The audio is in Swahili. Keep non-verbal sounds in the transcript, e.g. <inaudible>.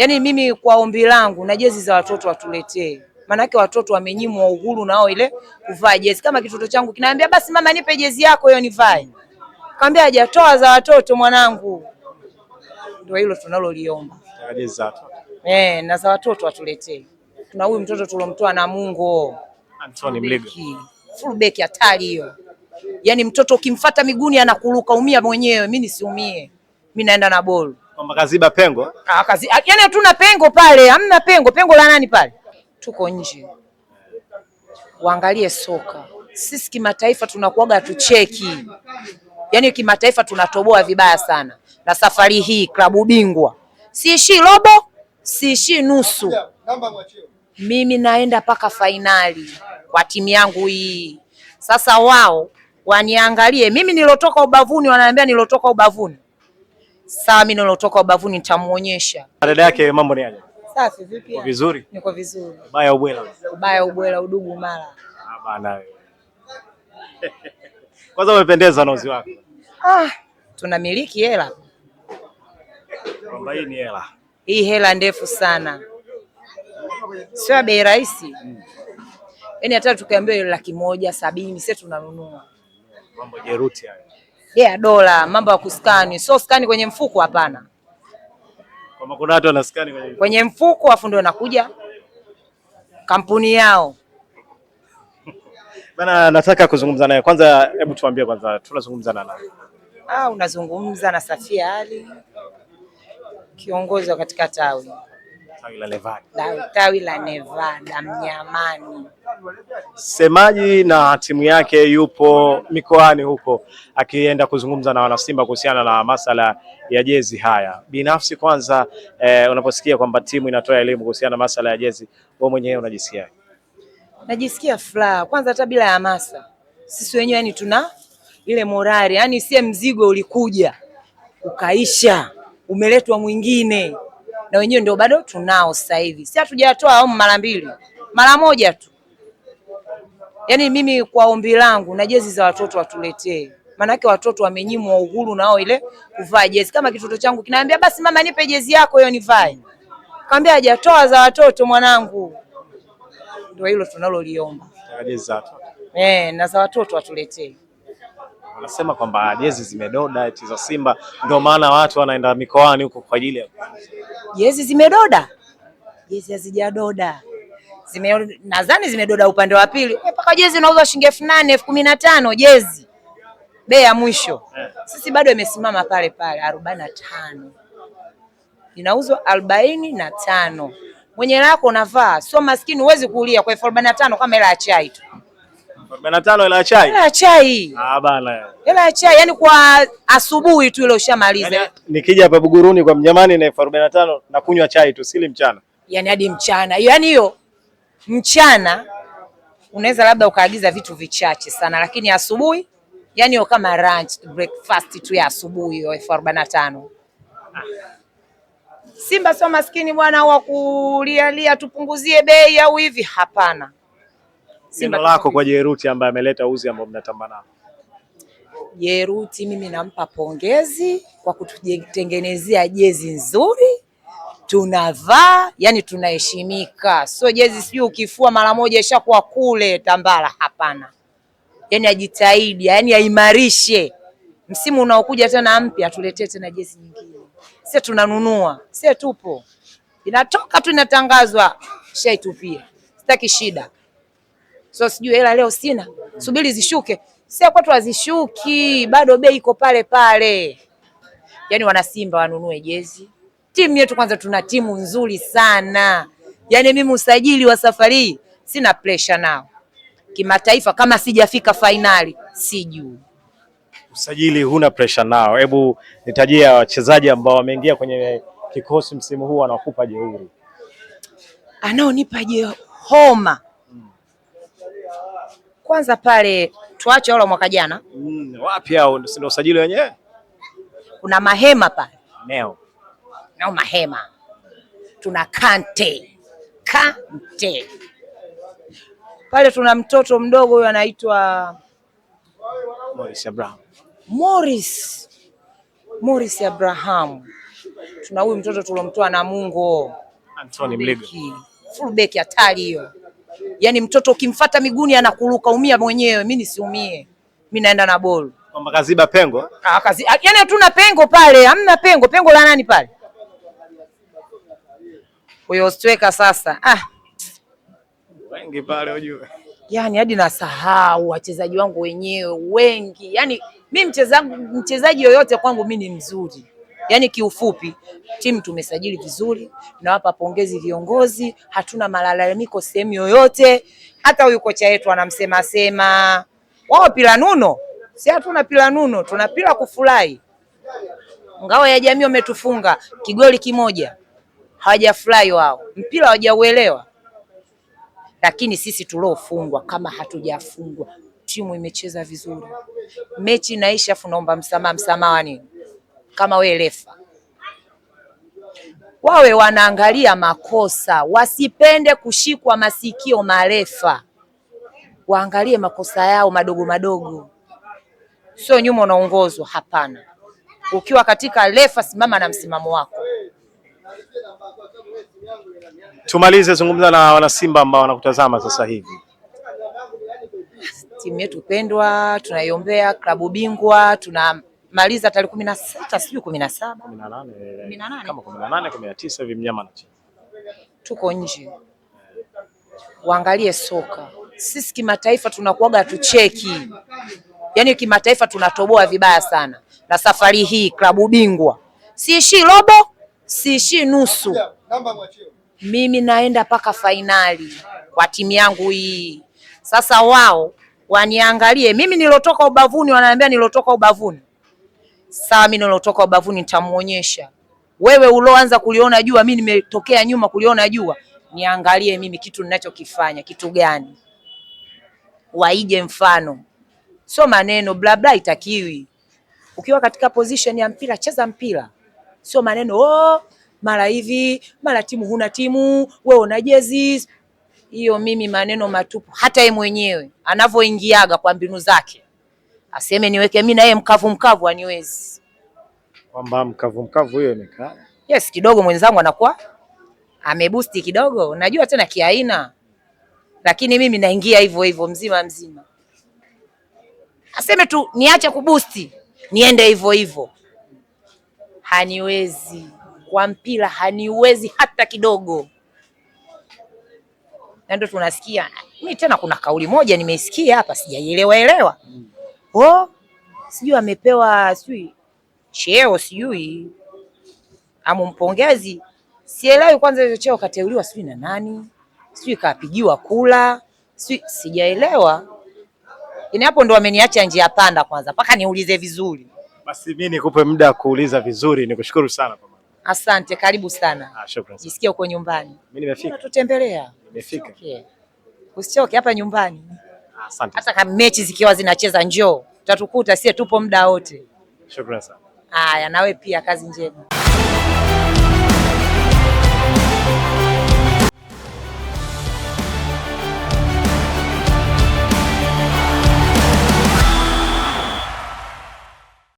yani mimi kwa ombi langu na jezi za watoto watuletee, maanake watoto wamenyimwa uhuru nao ile kuvaa jezi. Kama kitoto changu kinaambia basi mama, nipe jezi yako hiyo nivae, kaambia hajatoa za watoto mwanangu. Ndio hilo tunaloliomba jezi eh, na za watoto watuletee. Tuna huyu mtoto tulomtoa na Mungu Anthony Mligo, full back hatari hiyo. Yaani mtoto ukimfata miguuni anakuruka, umia mwenyewe, mimi nisiumie, mimi naenda na bolu kwamba kaziba pengo. Ah, kazi, yaani hatuna pengo pale, hamna pengo. Pengo la nani pale? Tuko nje, waangalie soka. Sisi kimataifa tunakuaga hatucheki, yani kimataifa tunatoboa vibaya sana, na safari hii klabu bingwa siishi robo, siishi nusu, mimi naenda mpaka fainali kwa timu yangu hii. Sasa wao waniangalie mimi nilotoka ubavuni, wananiambia nilotoka ubavuni saa mimi nilotoka ubavuni nitamuonyesha. Dada yake mambo ni aje? Safi, vipi? Kwa vizuri. Niko vizuri. Ubaya ubwela. Ubaya ubwela udugu mara. Ah bana wewe. <laughs> Kwanza umependeza na uzi wako. Ah, tunamiliki hela. Kwamba hii ni hela. Hii hela ndefu sana. Sio bei rahisi. Hmm. Yaani hmm, hata tukiambiwa laki moja sabini sisi tunanunua. Mambo jeruti haya yeah, dola, mambo ya kuskani. So skani kwenye mfuko hapana, kuna watu skani kwenye, kwenye mfuko afu ndio nakuja kampuni yao <laughs> Bana, nataka kuzungumza naye kwanza. Hebu tuambie kwanza, tunazungumza na nani? Ah, unazungumza na Safia Ali, kiongozi wa katika tawi tawi la Nevada, tawi la Nevada Mnyamani. Semaji na timu yake yupo mikoani huko akienda kuzungumza na wanasimba kuhusiana na masala ya jezi haya. Binafsi kwanza, eh, unaposikia kwamba timu inatoa elimu kuhusiana na masala ya jezi, wewe mwenyewe unajisikia? Najisikia furaha kwanza, hata bila ya hamasa sisi wenyewe yani tuna ile morali, yani sie mzigo ulikuja ukaisha, umeletwa mwingine, na wenyewe ndio bado tunao sasa hivi. Si hatujatoa mara mbili, mara moja tu yani mimi kwa ombi langu na jezi za watoto watuletee, maanake watoto wamenyimwa uhuru nao ile kuvaa jezi. Kama kitoto changu kinaambia basi mama nipe jezi yako hiyo nivae, kaambia hajatoa za watoto mwanangu. Ndio hilo tunaloliomba za eh, na za watoto watuletee. anasema kwamba jezi zimedoda eti za Simba, ndio maana watu wanaenda mikoani huko kwa ajili ya jezi zimedoda. Jezi hazijadoda zime nadhani zimedoda upande wa pili eh, mpaka jezi unauzwa shilingi elfu nane elfu kumi na tano jezi bei ya mwisho sisi bado imesimama pale pale arobaini na tano inauzwa arobaini na tano mwenye lako unavaa, sio maskini, huwezi kulia kwa elfu arobaini na tano kama hela ya chai tu. hela ya chai, hela ya chai, ah bana, ya chai yani kwa asubuhi tu ile ushamaliza. Yani, nikija hapa Buguruni kwa mjamani na elfu arobaini na tano na kunywa chai tu, sili mchana yani hadi mchana, yani hiyo Mchana unaweza labda ukaagiza vitu vichache sana, lakini asubuhi yani yo kama lunch breakfast tu ya asubuhi hiyo elfu arobaini na tano. Ah. Simba sio maskini bwana wa kulialia tupunguzie bei au hivi, hapana. Simba lako kwa Jeruti ambaye ameleta uzi ambao mnatamba nao. Jeruti mimi nampa pongezi kwa kututengenezea jezi nzuri tunavaa yani tunaheshimika, sio jezi sijui ukifua mara moja ishakuwa kule tambara. Hapana, yani ajitahidi, yani aimarishe. Msimu unaokuja tena mpya atuletee tena jezi nyingine. Sisi tunanunua, sisi tupo, inatoka tu inatangazwa, shaitupia. Sitaki shida, so sijui hela leo sina, subiri zishuke. Sisi kwetu hazishuki, bado bei iko pale pale. Yani wanasimba wanunue jezi timu yetu kwanza, tuna timu nzuri sana. Yaani mimi usajili wa safari hii sina pressure nao. Kimataifa kama sijafika fainali sijui. Usajili huna pressure nao. Hebu nitajia wachezaji ambao wameingia kwenye kikosi msimu huu wanakupa jeuri. Anaonipa je homa kwanza pale tuache wala mwaka jana. Mm, wapi hao? Ndio usajili wenyewe. Kuna mahema pale. Neo nao mahema, tuna kante kante pale. Tuna mtoto mdogo huyo anaitwa Morris Abraham, Morris Morris Abraham. Tuna huyu mtoto tulomtoa na Mungu Anthony Mligo, full back hatari hiyo. Yaani mtoto ukimfata miguuni anakuruka, umia mwenyewe. Mimi nisiumie, mimi naenda na bolu kwamba kaziba pengo. Ah, yaani hatuna pengo pale, hamna pengo. Pengo la nani pale? Huyo Ostweka sasa ah. Wengi pale ujue. yani hadi nasahau wachezaji wangu wenyewe wengi. yani mi mchezaji mchezaji yoyote kwangu mi ni mzuri. yani kiufupi timu tumesajili vizuri, nawapa pongezi viongozi, hatuna malalamiko sehemu yoyote. Hata huyu kocha wetu anamsema sema wao pila nuno, si hatuna pila nuno, tunapila kufurahi. Ngao ya jamii wametufunga kigoli kimoja hawajafurahi wao, mpira hawajauelewa, lakini sisi tuliofungwa, kama hatujafungwa timu imecheza vizuri, mechi inaisha, afu naomba msamaha. Msamaha nini? Kama we refa, wawe wanaangalia makosa, wasipende kushikwa masikio marefa, waangalie makosa yao madogo madogo, sio nyuma unaongozwa. Hapana, ukiwa katika refa, simama na msimamo wako. Tumalize, zungumza na wanasimba ambao wanakutazama sasa hivi. Timu yetu pendwa, tunaiombea klabu bingwa, tunamaliza tarehe kumi na sita sijui kumi na saba kumi na nane kama kumi na nane tisa hivi, mnyama chini. tuko nje, waangalie soka. Sisi kimataifa tunakuwaga hatucheki, yaani kimataifa tunatoboa vibaya sana, na safari hii klabu bingwa siishii robo, siishii nusu mimi naenda mpaka fainali kwa timu yangu hii. Sasa wao waniangalie mimi nilotoka ubavuni, wananiambia nilotoka ubavuni. Sawa, mimi nilotoka ubavuni nitamuonyesha wewe uloanza kuliona jua, mimi nimetokea nyuma kuliona jua, niangalie mimi kitu ninachokifanya kitu gani, waige mfano, sio maneno bla bla, itakiwi. Ukiwa katika position ya mpira, cheza mpira, sio maneno oh mara hivi mara timu huna timu, wewe una jezi hiyo. Mimi maneno matupu, hata yeye mwenyewe anavyoingiaga kwa mbinu zake aseme niweke mimi na yeye mkavu mkavu, aniwezi kwamba mkavu mkavu hiyo imekaa. Yes, kidogo mwenzangu anakuwa amebusti kidogo, najua tena kiaina, lakini mimi naingia hivyo hivyo mzima mzima. Aseme tu niache kubusti niende hivyo hivyo, haniwezi kwa mpira haniwezi hata kidogo. Na ndio tunasikia mimi tena, kuna kauli moja nimeisikia hapa sijaielewa elewa, oh, sijui amepewa sijui cheo sijui amumpongezi sielewi. Kwanza hizo cheo kateuliwa sijui na nani sijui kapigiwa kula sijui sijaelewa. Yaani hapo ndo ameniacha njia panda, kwanza mpaka niulize vizuri. Basi mimi nikupe muda kuuliza vizuri, nikushukuru sana. Asante, karibu sana. Ah, shukrani. Jisikie uko nyumbani. Mimi nimefika. Tutembelea. Nimefika. Usichoke hapa nyumbani. Ah, asante. Hata kama mechi zikiwa zinacheza njoo, utatukuta sie tupo muda wote. Shukrani sana. Haya, nawe pia kazi njema.